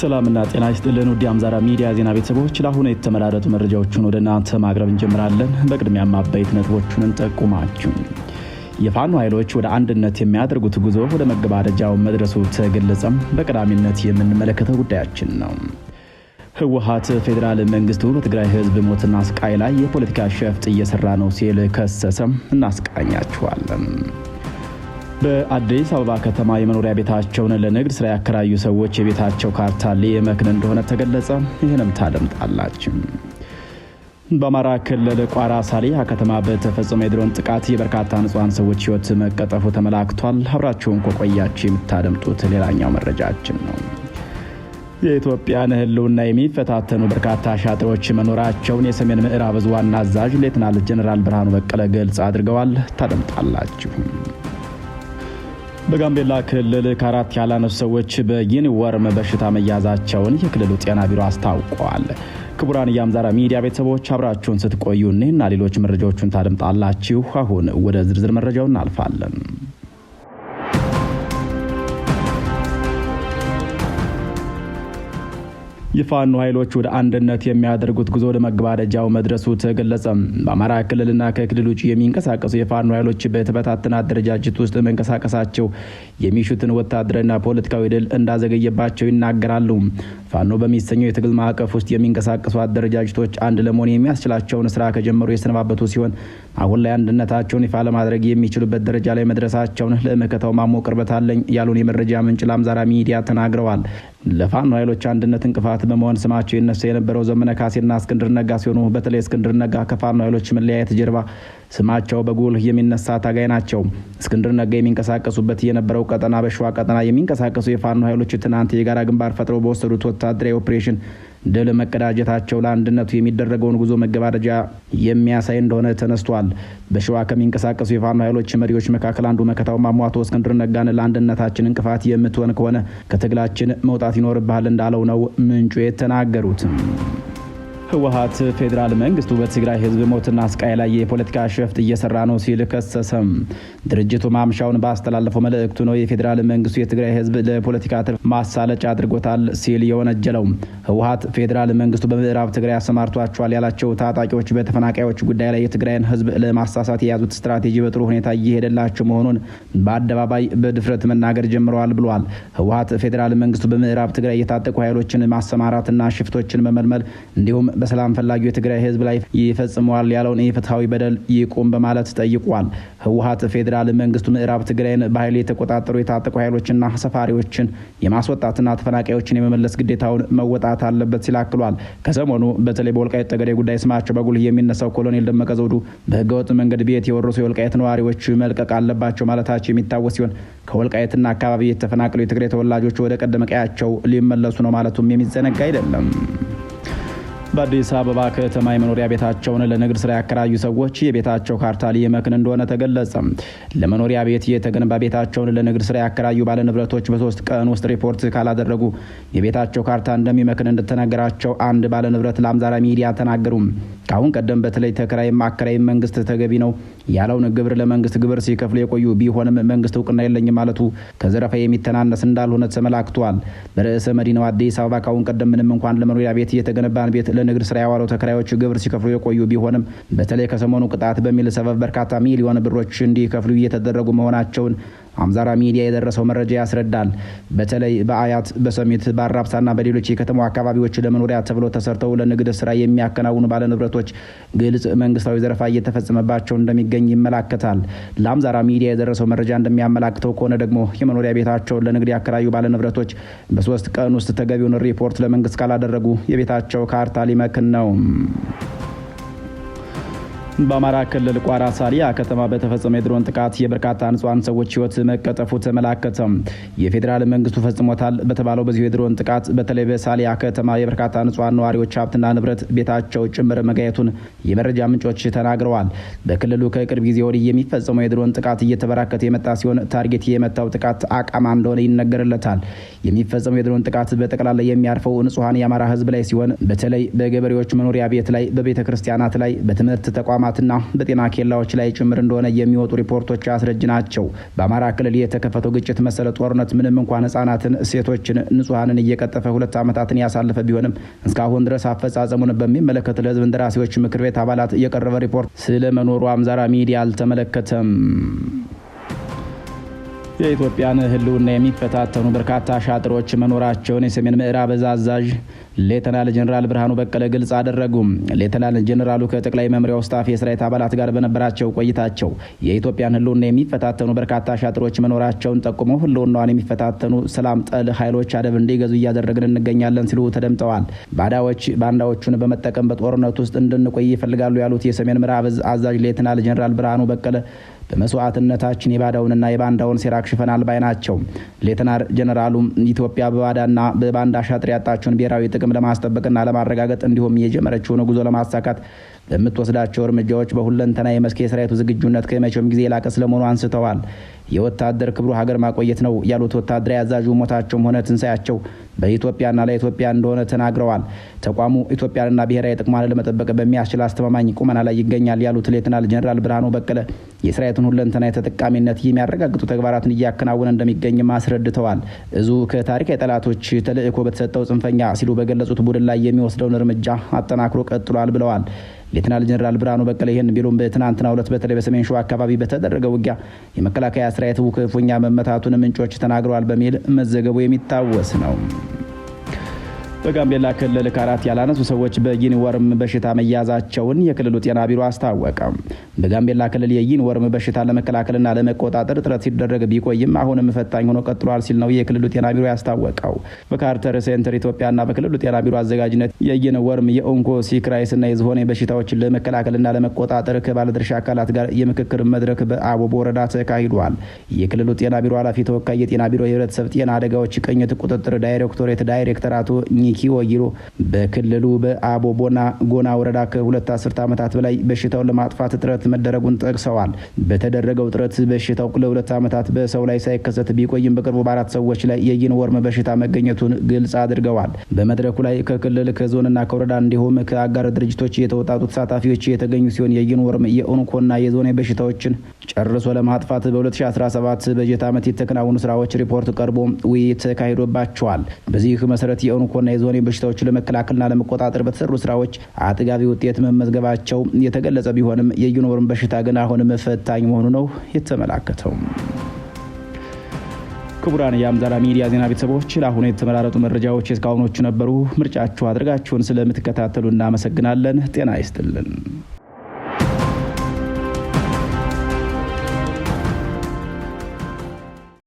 ሰላምና ጤና ይስጥልን ውድ አምዛራ ሚዲያ ዜና ቤተሰቦች፣ ለአሁኑ የተመራረጡ መረጃዎችን ወደ እናንተ ማቅረብ እንጀምራለን። በቅድሚያ አበይት ነጥቦቹን እንጠቁማችሁ። የፋኖ ኃይሎች ወደ አንድነት የሚያደርጉት ጉዞ ወደ መገባደጃው መድረሱ ተገለጸም። በቀዳሚነት የምንመለከተው ጉዳያችን ነው። ህወሀት ፌዴራል መንግስቱ በትግራይ ህዝብ ሞትና ስቃይ ላይ የፖለቲካ ሸፍጥ እየሰራ ነው ሲል ከሰሰም። እናስቃኛችኋለን። በአዲስ አበባ ከተማ የመኖሪያ ቤታቸውን ለንግድ ስራ ያከራዩ ሰዎች የቤታቸው ካርታ ሊመክን እንደሆነ ተገለጸ። ይህንም ታደምጣላችሁ። በአማራ ክልል ቋራ ሳሊሃ ከተማ በተፈጸመ የድሮን ጥቃት የበርካታ ንጹሐን ሰዎች ህይወት መቀጠፉ ተመላክቷል። አብራችሁን ከቆያችሁ የምታደምጡት ሌላኛው መረጃችን ነው። የኢትዮጵያን ህልውና የሚፈታተኑ በርካታ ሻጥሮች መኖራቸውን የሰሜን ምዕራብ እዝ ዋና አዛዥ ሌትናል ጀኔራል ብርሃኑ በቀለ ግልጽ አድርገዋል። ታደምጣላችሁ። በጋምቤላ ክልል ከአራት ያላነሱ ሰዎች በጊኒወርም በሽታ መያዛቸውን የክልሉ ጤና ቢሮ አስታውቋል። ክቡራን የአምዛራ ሚዲያ ቤተሰቦች አብራችሁን ስትቆዩ እኒህና ሌሎች መረጃዎቹን ታደምጣላችሁ። አሁን ወደ ዝርዝር መረጃው እናልፋለን። የፋኖ ኃይሎች ወደ አንድነት የሚያደርጉት ጉዞ ለመገባደጃው መድረሱ ተገለጸ። በአማራ ክልልና ከክልል ውጭ የሚንቀሳቀሱ የፋኖ ኃይሎች በተበታተነ አደረጃጀት ውስጥ መንቀሳቀሳቸው የሚሹትን ወታደራዊና ፖለቲካዊ ድል እንዳዘገየባቸው ይናገራሉ። ፋኖ በሚሰኘው የትግል ማዕቀፍ ውስጥ የሚንቀሳቀሱ አደረጃጀቶች አንድ ለመሆን የሚያስችላቸውን ስራ ከጀመሩ የሰነባበቱ ሲሆን አሁን ላይ አንድነታቸውን ይፋ ለማድረግ የሚችሉበት ደረጃ ላይ መድረሳቸውን ለመከታው ማሞ ቅርበት አለኝ ያሉን የመረጃ ምንጭ ለአምዛራ ሚዲያ ተናግረዋል። ለፋኖ ኃይሎች አንድነት እንቅፋት በመሆን ስማቸው ይነሳ የነበረው ዘመነ ካሴና እስክንድር ነጋ ሲሆኑ በተለይ እስክንድር ነጋ ከፋኖ ኃይሎች መለያየት ጀርባ ስማቸው በጉልህ የሚነሳ ታጋይ ናቸው። እስክንድር ነጋ የሚንቀሳቀሱበት የነበረው ቀጠና በሸዋ ቀጠና የሚንቀሳቀሱ የፋኖ ኃይሎች ትናንት የጋራ ግንባር ፈጥረው በወሰዱት ወታደራዊ ኦፕሬሽን ድል መቀዳጀታቸው ለአንድነቱ የሚደረገውን ጉዞ መገባደጃ የሚያሳይ እንደሆነ ተነስቷል። በሸዋ ከሚንቀሳቀሱ የፋኖ ኃይሎች መሪዎች መካከል አንዱ መከታው ማሟቶ እስክንድር ነጋን ለአንድነታችን እንቅፋት የምትሆን ከሆነ ከትግላችን መውጣት ይኖርብሃል እንዳለው ነው ምንጩ የተናገሩት። ህወሀት ፌዴራል መንግስቱ በትግራይ ህዝብ ሞትና ስቃይ ላይ የፖለቲካ ሸፍጥ እየሰራ ነው ሲል ከሰሰም። ድርጅቱ ማምሻውን ባስተላለፈው መልእክቱ ነው የፌዴራል መንግስቱ የትግራይ ህዝብ ለፖለቲካ ትርፍ ማሳለጫ አድርጎታል ሲል የወነጀለው። ህወሀት ፌዴራል መንግስቱ በምዕራብ ትግራይ አሰማርቷቸዋል ያላቸው ታጣቂዎች በተፈናቃዮች ጉዳይ ላይ የትግራይን ህዝብ ለማሳሳት የያዙት ስትራቴጂ በጥሩ ሁኔታ እየሄደላቸው መሆኑን በአደባባይ በድፍረት መናገር ጀምረዋል ብሏል። ህወሀት ፌዴራል መንግስቱ በምዕራብ ትግራይ የታጠቁ ኃይሎችን ማሰማራትና ሽፍቶችን መመልመል እንዲሁም በሰላም ፈላጊው የትግራይ ህዝብ ላይ ይፈጽመዋል ያለውን የፍትሐዊ በደል ይቁም በማለት ጠይቋል። ህወሀት ፌዴራል መንግስቱ ምዕራብ ትግራይን በኃይል የተቆጣጠሩ የታጠቁ ኃይሎችና ሰፋሪዎችን የማስወጣትና ተፈናቃዮችን የመመለስ ግዴታውን መወጣት አለበት ሲል አክሏል። ከሰሞኑ በተለይ በወልቃይት ጠገዴ ጉዳይ ስማቸው በጉልህ የሚነሳው ኮሎኔል ደመቀ ዘውዱ በህገወጥ መንገድ ቤት የወረሱ የወልቃይት ነዋሪዎች መልቀቅ አለባቸው ማለታቸው የሚታወስ ሲሆን ከወልቃይትና አካባቢ የተፈናቀሉ የትግራይ ተወላጆች ወደ ቀደመ ቀያቸው ሊመለሱ ነው ማለቱም የሚዘነጋ አይደለም። በአዲስ አበባ ከተማ የመኖሪያ ቤታቸውን ለንግድ ስራ ያከራዩ ሰዎች የቤታቸው ካርታ ሊመክን እንደሆነ ተገለጸ። ለመኖሪያ ቤት የተገነባ ቤታቸውን ለንግድ ስራ ያከራዩ ባለንብረቶች በሶስት ቀን ውስጥ ሪፖርት ካላደረጉ የቤታቸው ካርታ እንደሚመክን እንደተነገራቸው አንድ ባለንብረት ለአምዛራ ሚዲያ ተናገሩ። ከአሁን ቀደም በተለይ ተከራይም አከራይም መንግስት ተገቢ ነው ያለውን ግብር ለመንግስት ግብር ሲከፍሉ የቆዩ ቢሆንም መንግስት እውቅና የለኝ ማለቱ ከዘረፋ የሚተናነስ እንዳልሆነ ተመላክቷል። በርዕሰ መዲናው አዲስ አበባ ካሁን ቀደም ምንም እንኳን ለመኖሪያ ቤት እየተገነባን ቤት ለንግድ ስራ ያዋለው ተከራዮች ግብር ሲከፍሉ የቆዩ ቢሆንም በተለይ ከሰሞኑ ቅጣት በሚል ሰበብ በርካታ ሚሊዮን ብሮች እንዲከፍሉ እየተደረጉ መሆናቸውን አምዛራ ሚዲያ የደረሰው መረጃ ያስረዳል። በተለይ በአያት በሰሜት በአራብሳና በሌሎች የከተማ አካባቢዎች ለመኖሪያ ተብሎ ተሰርተው ለንግድ ስራ የሚያከናውኑ ባለንብረቶች ግልጽ መንግስታዊ ዘረፋ እየተፈጸመባቸው እንደሚገኝ ይመላከታል። ለአምዛራ ሚዲያ የደረሰው መረጃ እንደሚያመላክተው ከሆነ ደግሞ የመኖሪያ ቤታቸውን ለንግድ ያከራዩ ባለንብረቶች በሶስት ቀን ውስጥ ተገቢውን ሪፖርት ለመንግስት ካላደረጉ የቤታቸው ካርታ ሊመክን ነው። በአማራ ክልል ቋራ ሳሊያ ከተማ በተፈጸመ የድሮን ጥቃት የበርካታ ንጹሐን ሰዎች ህይወት መቀጠፉ ተመላከተም። የፌዴራል መንግስቱ ፈጽሞታል በተባለው በዚሁ የድሮን ጥቃት በተለይ በሳሊያ ከተማ የበርካታ ንጹሐን ነዋሪዎች ሀብትና ንብረት ቤታቸው ጭምር መጋየቱን የመረጃ ምንጮች ተናግረዋል። በክልሉ ከቅርብ ጊዜ ወዲህ የሚፈጸመው የድሮን ጥቃት እየተበራከተ የመጣ ሲሆን ታርጌት የመታው ጥቃት አቃማ እንደሆነ ይነገርለታል። የሚፈጸመው የድሮን ጥቃት በጠቅላላ የሚያርፈው ንጹሐን የአማራ ህዝብ ላይ ሲሆን በተለይ በገበሬዎች መኖሪያ ቤት ላይ፣ በቤተ ክርስቲያናት ላይ፣ በትምህርት ተቋማት ተቋማትና በጤና ኬላዎች ላይ ጭምር እንደሆነ የሚወጡ ሪፖርቶች አስረጅ ናቸው። በአማራ ክልል የተከፈተው ግጭት መሰለ ጦርነት ምንም እንኳን ህጻናትን፣ ሴቶችን፣ ንጹሐንን እየቀጠፈ ሁለት ዓመታትን ያሳለፈ ቢሆንም እስካሁን ድረስ አፈጻጸሙን በሚመለከት ለህዝብ እንደራሴዎች ምክር ቤት አባላት የቀረበ ሪፖርት ስለመኖሩ አምዛራ ሚዲያ አልተመለከተም። የኢትዮጵያን ሕልውና የሚፈታተኑ በርካታ ሻጥሮች መኖራቸውን የሰሜን ምዕራብ እዝ አዛዥ ሌተናል ጀኔራል ብርሃኑ በቀለ ግልጽ አደረጉ። ሌተናል ጀኔራሉ ከጠቅላይ መምሪያው ስታፍ የሰራዊት አባላት ጋር በነበራቸው ቆይታቸው የኢትዮጵያን ሕልውና የሚፈታተኑ በርካታ ሻጥሮች መኖራቸውን ጠቁመው ህልውናዋን የሚፈታተኑ ሰላም ጠል ኃይሎች አደብ እንዲገዙ እያደረግን እንገኛለን ሲሉ ተደምጠዋል። ባዳዎች ባንዳዎቹን በመጠቀም በጦርነት ውስጥ እንድንቆይ ይፈልጋሉ ያሉት የሰሜን ምዕራብ እዝ አዛዥ ሌተናል ጀኔራል ብርሃኑ በቀለ በመስዋዕትነታችን የባዳውንና የባንዳውን ሴራ አክሽፈናል ባይ ናቸው። ሌተናር ጀነራሉም ኢትዮጵያ በባዳና በባንዳ ሻጥር ያጣቸውን ብሔራዊ ጥቅም ለማስጠበቅና ለማረጋገጥ እንዲሁም የጀመረችውን ጉዞ ለማሳካት በምትወስዳቸው እርምጃዎች በሁለንተና የመስክ የሰራዊቱ ዝግጁነት ከመቼውም ጊዜ የላቀ ስለመሆኑ አንስተዋል። የወታደር ክብሩ ሀገር ማቆየት ነው ያሉት ወታደራዊ አዛዡ ሞታቸውም ሆነ ትንሳያቸው በኢትዮጵያና ለኢትዮጵያ እንደሆነ ተናግረዋል። ተቋሙ ኢትዮጵያንና ብሔራዊ ጥቅሟን ለመጠበቅ በሚያስችል አስተማማኝ ቁመና ላይ ይገኛል ያሉት ሌትናል ጀኔራል ብርሃኑ በቀለ የሰራዊቱን ሁለንተና የተጠቃሚነት የሚያረጋግጡ ተግባራትን እያከናወነ እንደሚገኝም አስረድተዋል። እዙ ከታሪካዊ ጠላቶች ተልእኮ በተሰጠው ጽንፈኛ ሲሉ በገለጹት ቡድን ላይ የሚወስደውን እርምጃ አጠናክሮ ቀጥሏል ብለዋል። ሌትናል ጀኔራል ብርሃኑ በቀለ ይህን ቢሉም በትናንትና ሁለት በተለይ በሰሜን ሸዋ አካባቢ በተደረገ ውጊያ የመከላከያ ሰራዊቱ ክፉኛ መመታቱን ምንጮች ተናግረዋል በሚል መዘገቡ የሚታወስ ነው። በጋምቤላ ክልል ከአራት ያላነሱ ሰዎች ወርም በሽታ መያዛቸውን የክልሉ ጤና ቢሮ አስታወቀ። በጋምቤላ ክልል ወርም በሽታ ለመከላከልና ለመቆጣጠር ጥረት ሲደረግ ቢቆይም አሁንም ፈታኝ ሆኖ ቀጥሏል ሲል ነው የክልሉ ጤና ቢሮ ያስታወቀው። በካርተር ሴንተር ኢትዮጵያና በክልሉ ጤና ቢሮ አዘጋጅነት ወርም የኦንኮ ሲክራይስና የዝሆኔ በሽታዎችን ለመከላከልና ለመቆጣጠር ከባለድርሻ አካላት ጋር የምክክር መድረክ በአቦቦ ወረዳ ተካሂዷል። የክልሉ ጤና ቢሮ ኃላፊ ተወካይ የጤና ቢሮ የህብረተሰብ ጤና አደጋዎች ቅኝት ቁጥጥር ዳይሬክቶሬት ዳይሬክተር አቶ ኒኪ ወጊሮ በክልሉ በአቦቦና ጎና ወረዳ ከሁለት አስርተ ዓመታት በላይ በሽታውን ለማጥፋት ጥረት መደረጉን ጠቅሰዋል። በተደረገው ጥረት በሽታው ለሁለት ዓመታት በሰው ላይ ሳይከሰት ቢቆይም በቅርቡ በአራት ሰዎች ላይ የይን ወርም በሽታ መገኘቱን ግልጽ አድርገዋል። በመድረኩ ላይ ከክልል ከዞንና ከወረዳ እንዲሁም ከአጋር ድርጅቶች የተወጣጡ ተሳታፊዎች የተገኙ ሲሆን የይን ወርም የኦንኮና የዞን በሽታዎችን ጨርሶ ለማጥፋት በ2017 በጀት ዓመት የተከናወኑ ስራዎች ሪፖርት ቀርቦ ውይይት ተካሂዶባቸዋል። በዚህ መሰረት የኦንኮና የዞን በሽታዎችን ለመከላከልና ለመቆጣጠር በተሰሩ ስራዎች አጥጋቢ ውጤት መመዝገባቸው የተገለጸ ቢሆንም የዩኖርን በሽታ ግን አሁንም ፈታኝ መሆኑ ነው የተመላከተው። ክቡራን የአምዛራ ሚዲያ ዜና ቤተሰቦች ለአሁኑ የተመራረጡ መረጃዎች የእስካሁኖቹ ነበሩ። ምርጫችሁ አድርጋችሁን ስለምትከታተሉ እናመሰግናለን። ጤና ይስጥልን።